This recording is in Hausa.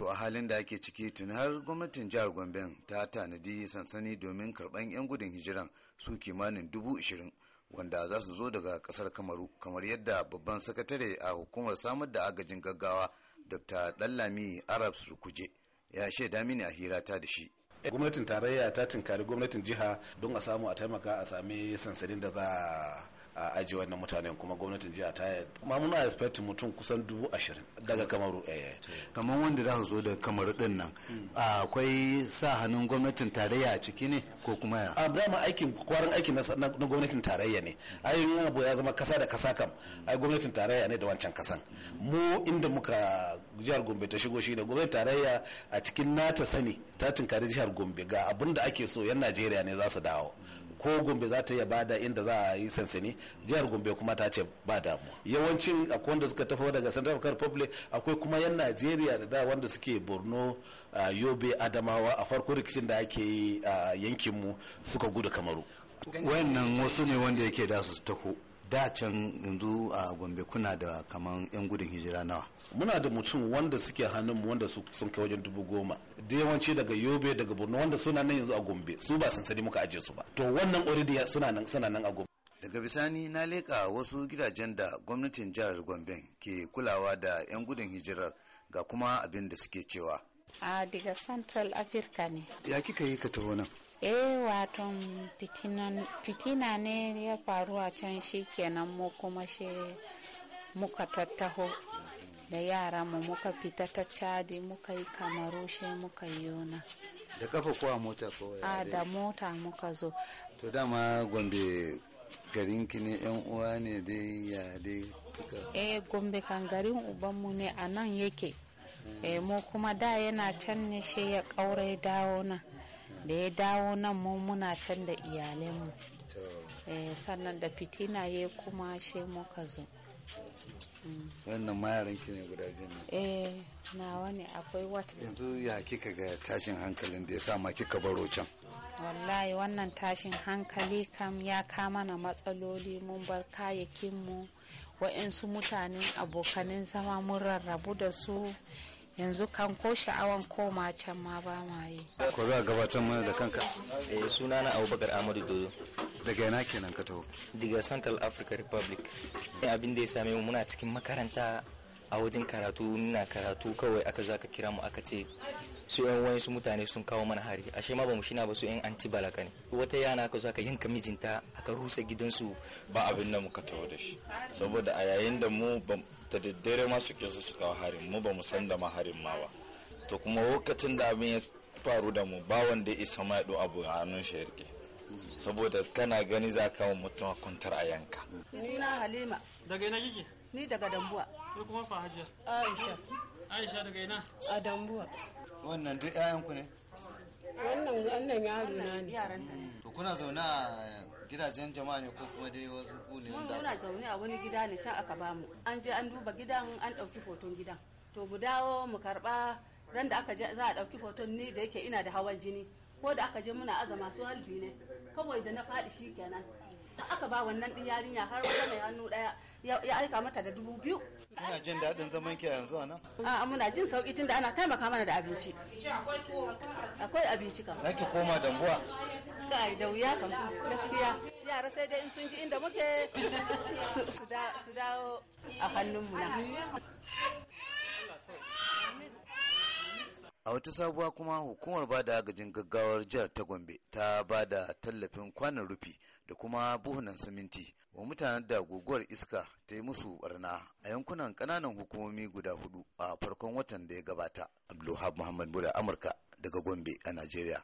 to a halin da ake ciki tun har gwamnatin jihar gombe ta tanadi sansani domin karban 'yan gudun hijiran su kimanin dubu ishirin wanda za su zo daga kasar kamaru kamar yadda babban sakatare a hukumar samar da agajin gaggawa dr dallami arabs Rukuje ya shaida mini a hira ta da shi gwamnatin tarayya ta tunkari gwamnatin jiha don a samu a taimaka a sami sansanin da za a aji wannan mutanen kuma gwamnatin jiya ta ma muna expect mutum kusan dubu ashirin daga kamaru eh, eh kamar wanda za su zo da kamaru din nan hmm. akwai sa hannun gwamnatin tarayya a ciki ne ko kuma ya a dama aikin kwarin aikin na gwamnatin tarayya ne ai in abu ya zama kasa da kasa kam ai gwamnatin tarayya ne da wancan kasan mu inda muka jihar gombe ta shigo shi da gwamnatin tarayya a cikin nata sani ta tinkari jihar gombe ga abin da ake so yan najeriya ne za su dawo ko gombe za ta iya bada inda za a yi sansani jihar gombe kuma ta ce ba damuwa yawancin akwai wanda suka tafi daga central african republic akwai kuma yan najeriya da da wanda suke borno yobe adamawa a farko rikicin da ake yi a yankinmu suka gudu kamaru wayannan wasu ne wanda yake da su taho da can yanzu a gombe kuna da kaman yan gudun hijira nawa muna da mutum wanda suke hannunmu wanda sun kai wajen dubu goma da yawanci daga yobe daga borno wanda suna nan yanzu a gombe su ba sani muka ajiye su ba to wannan already suna nan suna nan a gombe daga bisani na leƙa wasu gidajen da gwamnatin jihar gombe ke kulawa da 'yan gudun hijirar ga kuma abin da suke cewa a ah, daga central africa ne ya kika yi ka taho nan eh waton fitina ne ya faru a can shi kenan mu kuma shi muka tattaho da yara mu muka fita ta cadi muka yi kamaru shi muka yi yona da kafa kowa mota ko a da mota muka zo to dama gombe garin kini ne yan uwa ne dai ya dai eh gombe kan garin ubanmu ne a nan yake e mu kuma da yana can ne shi ya kaurai dawo nan da ya dawo nan mu muna can da iyalanmu eh, sannan da fitina ya kuma shi muka zo mm. wannan mayarin ki ne guda biyu eh na wani akwai wata yanzu ya kika ga tashin hankalin da ya sa ma kika baro can wallahi wannan tashin hankali kam ya kama na matsaloli mun bar kayakinmu mu wa'insu mutanen abokanin zama mun rarrabu da su yanzu kan ko sha'awan koma can ma ba ma yi ko za a gabatar mana da kanka eh suna na abubakar amadu dodo daga yana kenan ka taho daga central africa republic eh, abin da ya same mu muna cikin makaranta a wajen karatu nuna karatu kawai aka za ka kira mu aka ce su yan wani su mutane sun kawo mana hari ashe ba mu shina ba su yan anti balaka ne wata yana ka zo yanka mijinta aka rusa gidansu ba abin da muka tawo da shi saboda a yayin da mu ta daddare ma suke su su kawo harin mu bamu san da ma harin ma ba to kuma lokacin da abin ya faru da mu ba wanda isa ma ya abu a hannun shi yarke saboda kana gani za ka kawo mutum a kwantar a yanka. Suna Halima. Daga ina kike? Ni daga Dambuwa. Ni kuma fa Aisha. Aisha daga ina? A Dambuwa. wannan duk 'ya'yanku ne wannan wannan yaro na ne yaran ne to kuna zaune a gidajen jama'a ne ko kuma dai wasu ku ne mun zauna zaune a wani gida ne shan aka bamu an je an duba gidan an dauki hoton gidan to mu dawo mu karba ran da aka je za a dauki hoton ni da yake ina da hawan jini ko da aka je muna azama su halbi ne kawai da na faɗi shikenan aka ba wannan din yarinya har wata mai hannu daya ya aika mata da dubu biyu Muna jin daɗin zaman ki yanzu a nan? A muna jin sauƙi tunda ana taimaka mana da abinci. Akwai abinci kam. Za ki koma dambuwa? Kai da wuya kan gaskiya. Yara sai dai in sun ji inda muke su dawo a hannunmu na. a wata sabuwa kuma hukumar ba da agajin gaggawar jihar ta gombe ta ba da tallafin kwanan rufi da kuma buhunan siminti wa mutanen da guguwar iska ta yi musu barna a yankunan kananan hukumomi guda hudu a farkon watan da ya gabata abdulhab muhammad mura amurka daga gombe a najeriya